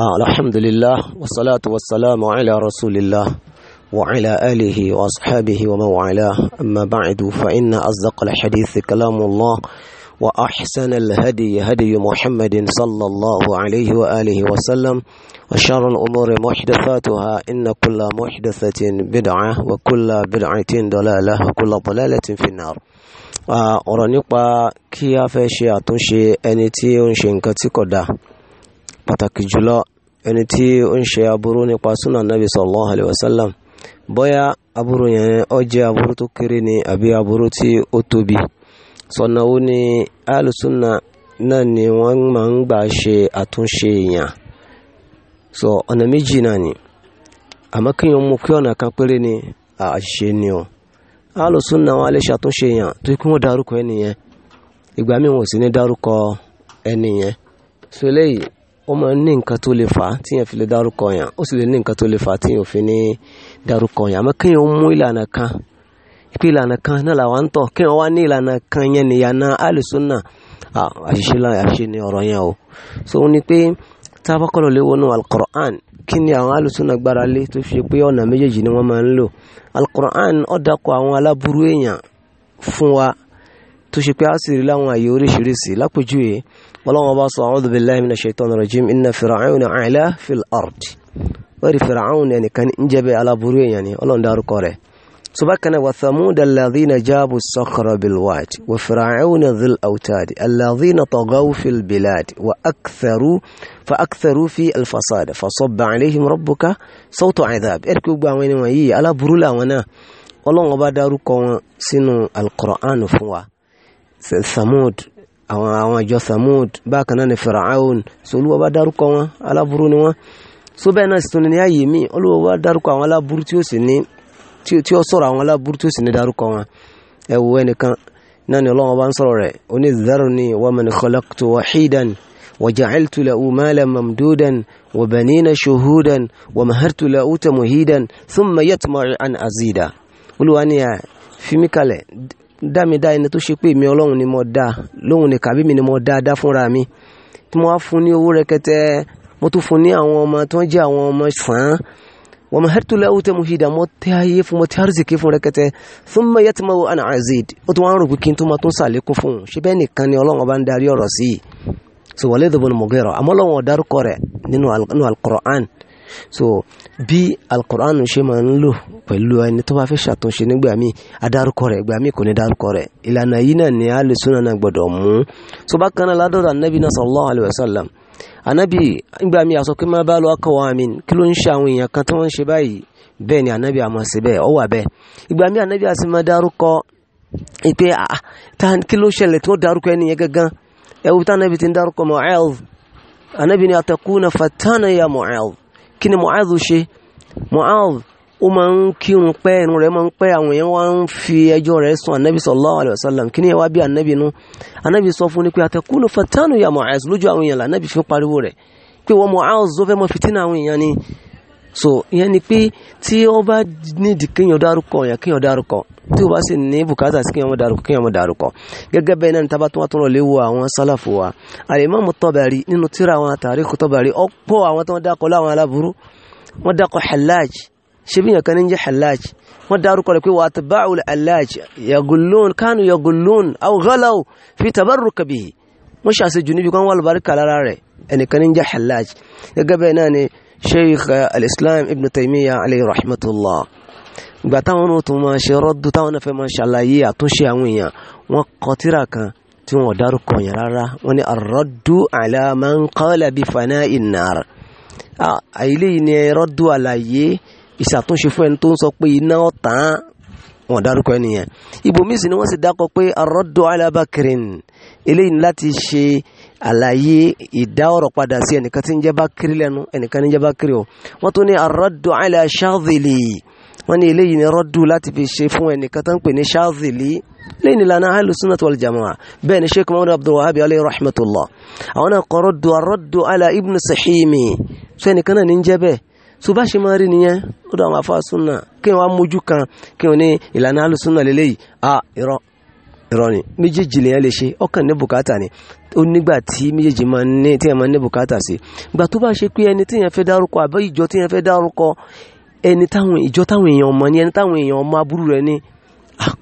الحمد لله والصلاة والسلام على رسول الله وعلى آله وأصحابه ومن والاه أما بعد فإن أصدق الحديث كلام الله وأحسن الهدي هدي محمد صلى الله عليه وآله وسلم وشر الأمور محدثاتها إن كل محدثة بدعة وكل بدعة ضلالة وكل ضلالة في النار أرنقى كيا فشي أتنشي أنتي أنشي كتكدا pàtàkì jùlọ ẹni tí ó ń ṣe aburú nípa súnà nàbì sallallahu alayhi wa sallam bóyá aburú yẹn ó jẹ́ aburú tó kéré ni àbí aburú tí ó tóbi sọ̀nà ni alùsùnà náà ni wọ́n máa ń gbà ṣe àtúnṣe èèyàn sọ ọ̀nà méjì náà ni àmọ́ kí wọ́n mú kí ọ̀nà kan péré ni àṣìṣe ni o alùsùnà wọn lè ṣàtúnṣe èèyàn tó kí wọ́n darúkọ ẹnìyẹn ìgbà míì wọn ò sì ní darúkọ ẹnìyẹn sọ eléyìí ó máa ń ní nǹkan tó lè fà á tí yẹn fi lè dárúkọ yàn ó sì lè ní nǹkan tó lè fà á tí yẹn ò fi ní dárúkọ yàn àmọ́ kéèyàn mú ìlànà kan ìpè ìlànà kan náà làwa ń tọ̀ kéèyàn wá ní ìlànà kan yẹn nìyànà alùsùnà àṣìṣe láyà ṣe ni ọ̀rọ̀ yẹn o so ó ní pé tábàkọ́lọ̀ lè wọnú alukoran kí ni àwọn alùsùnà gbára lé tó fi pé ọ̀nà méjèèjì ni wọ́n máa ń lò alukoran ó àwọn aláburú èèyàn fún wa tó ṣe pé a sì rí láwọn àyè oríṣiríṣi lápèjúwe ọlọ́wọ́n bá sọ a'udhu billahi minash shaitani rajim inna fir'auna a'la fil ard wọ́n rí fir'auna ẹnìkan ń jẹ́bẹ̀ aláburú èèyàn ni ọlọ́run dárúkọ rẹ̀ tó wa thamuda alladhina jabu sakhra bil wadi wa fir'auna dhil awtadi alladhina taghaw fil bilad wa aktharu fa aktharu fi alfasada fa sabba alayhim rabbuka sawta adhab ẹ̀rí gbogbo àwọn ènìyàn yìí aláburú làwọn náà ọlọ́run ọba dárúkọ wọn sínú alqur'an fún samud àwọn àwọn ìjọ samud bákan náà ni firaun so olúwa bá dárúkọ wọn aláburú ni wọn so bẹ́ẹ̀ náà sì tún ní ayé mi olúwa bá dárúkọ àwọn aláburú tí ó sì ní tí ó sọ̀rọ̀ àwọn aláburú tí ó sì ní dárúkọ wọn ẹ wo ẹnìkan náà ni ọlọ́wọ́n bá ń sọ̀rọ̀ rẹ̀ ó ní zarni wa man khalaqtu wahidan وجعلت له مالا ممدودا وبنين شهودا ومهرت له تمهيدا ثم يطمع أن أزيدا olúwa ni fi dá mi dá ẹni tó ṣe pé èmi ọlọ́run ni mo dá lóhun nìkan bí mi ni mo dá dá fúnra mi tí mo wá fún ní owó rẹkẹtẹ mo tún fún ní àwọn ọmọ tí wọ́n jẹ́ àwọn ọmọ sàn án wọ́n mọ̀hẹ́tù lẹ́wọ́ tẹ́ mo hìdá mo tẹ́ ayé fún mo tẹ́ àrùsìkè fún rẹkẹtẹ fún mi yẹ́ tí mo ana azid ó tún wá ń rò pé kí n tó máa tún sàlékún fún un ṣé bẹ́ẹ̀ nìkan ni ọlọ́run ọba ń darí ọ̀rọ̀ sí i sọ Walid ibn Mughira àmọ́ ọlọ́run ọ̀dárúkọ rẹ̀ nínú al-Qur'an so bí alukur'an ṣe máa ń lò pẹ̀lú ẹni tó bá fẹ́ ṣàtúnṣe nígbà míì adarúkọ rẹ̀ ìgbà míì kò ní darúkọ rẹ̀ ìlànà yìí náà ni alẹ́ súnà náà gbọ́dọ̀ mú so bákan náà ládọ́dọ̀ anabi náà sallallahu alayhi wa sallam anabi nígbà míì aṣọ kí máa bá lọ akọ̀wé amin kí ló ń ṣe àwọn èèyàn kan tí wọ́n ń ṣe báyìí bẹ́ẹ̀ ni anabi àmọ́ sí bẹ́ẹ̀ ọ wà bẹ́ẹ̀ ìgbà míì anabi àti máa darúkọ ìpè kí ló ṣẹlẹ̀ tí wọ́n darúkọ ẹnìyẹn gangan ẹ̀wù tí anabi ti ń darúkọ Mu'adh anabi ni atakuna fatana ya Mu'adh kí ni Mu'adh ṣe Mu'adh ó máa ń kírun pẹ́ ẹnu rẹ̀ máa ń pẹ́ àwọn èèyàn wá ń fi ẹjọ́ rẹ̀ sùn anabi sallallahu alayhi wa sallam kí ni ẹ wá bí anabi nu anabi sọ fún ni pé àtẹkùnú fatanu ya Mu'adh lójú àwọn èèyàn là anabi fi pariwo rẹ̀ pé wọ́n Mu'adh zó fẹ́ mọ fitina àwọn èèyàn ni so ìyẹn ni pé tí ó bá nídìí kéèyàn dárúkọ yẹn kéèyàn dárúkọ tí ó bá sì ní bùkátà sí kéèyàn mọ dárúkọ kéèyàn mọ dárúkọ gẹ́gẹ́ bẹ́ẹ̀ náà ní tábà tó wá tọrọ léwu àwọn sálàfò wa àlèmọ́mù tọ́bàrí nínú tíra àwọn àtàrí kò tọ́bàrí ọ̀pọ̀ àwọn tó wọ́n dákọ̀ láwọn aláburú wọ́n dákọ̀ hallaj ṣebí yẹn kan ní jẹ́ hallaj wọ́n dárúkọ rẹ̀ pé wà á ti báwò hallaj yagulun kánú sheikh uh, al-islam ibn taymiya alayhi rahmatullah ìgbà táwọn náà tún máa ṣe rọ́dù táwọn náà fẹ́ máa ṣàlàyé àtúnṣe àwọn èèyàn wọ́n kọ tírà kan tí wọ́n dárúkọ yẹn rárá wọ́n ní ar-raddu ala man qala bi fana'i an-nar àìlè yìí ni rọ́dù àlàyé ìṣàtúnṣe fún ẹni tó ń sọ pé iná ọ̀tán wọ́n dárúkọ ẹnìyẹn ibòmíì sì ni wọ́n sì dákọ pé ar-raddu eléyìí láti ṣe àlàyé ìdá ọ̀rọ̀ padà sí ẹnìkan tí ń jẹ́ bákírí lẹ́nu ẹnìkan ní jẹ́ bákírí o wọ́n tún ní arọ́dù àìlà ṣáàzìlì wọ́n ní eléyìí ní rọ́dù láti fi ṣe fún ẹnìkan tó ń pè ní ṣáàzìlì lẹ́yìn nílànà ahlu sunnah wal jamaa bẹ́ẹ̀ ni sheikh muhammad abdul wahab alayhi rahmatullah àwọn náà kọ́ rọ́dù arọ́dù àìlà ibn sahimi tó ẹnìkan náà ní jẹ́ bẹ́ẹ̀ tó bá ṣe máa rí nìyẹn ó dọ̀ àwọn afáàsúnà kí wọ́n mójú kan kí wọ́n ní ìlànà ahlu sunnah lélẹ́yìí ah, ìrọ̀rìn méjèèjì lèyàn lè ṣe ọkàn ní bùkátà ni ó nígbà tí méjèèjì máa ń ní tíyẹn máa ń ní bùkátà sí gbà tó bá ṣe pé ẹni tíyẹn fẹ́ dárúkọ àbẹ́ ìjọ tíyẹn fẹ́ dárúkọ ẹni táwọn ìjọ táwọn èèyàn mọ̀ ni ẹni táwọn èèyàn mọ̀ aburú rẹ̀ ni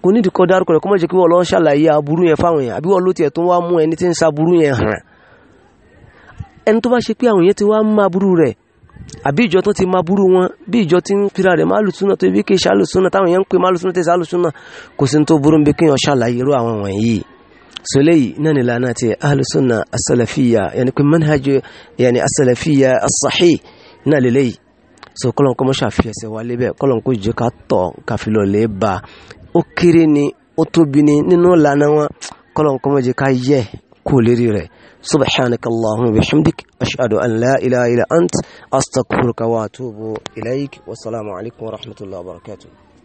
kò nídìí kọ́ dárúkọ rẹ̀ kọ́ mọ̀ jẹ́ kí wọ́n lọ ṣàlàyé aburú yẹn fáwọn èèyàn àbí wọ́n ló tiẹ̀ tó wá mú ẹni tí ń sa aburú yẹn hàn ẹni tó bá ṣe pé àwọn èèyàn ti wá mú aburú rẹ̀ àbí ìjọ tó ti máa burú wọn bí ìjọ ti ń pira rẹ̀ máa lùsúnà tó ibi kì í ṣàlùsúnà táwọn èèyàn ń pè máa lùsúnà tẹ̀sí àlùsúnà kò sí ní tó burú bí kéèyàn ṣàlàyé irú àwọn wọ̀nyí náà ni lànà yẹni pé so kọ́lọ́n kọ́ mọ́ ṣàfihàn wa lébẹ̀ kọ́lọ́n kó jẹ́ ká tọ̀ káfílọ̀ كوليريري سبحانك اللهم بحمدك أشهد أن لا إله إلا أنت أستغفرك وأتوب إليك والسلام عليكم ورحمة الله وبركاته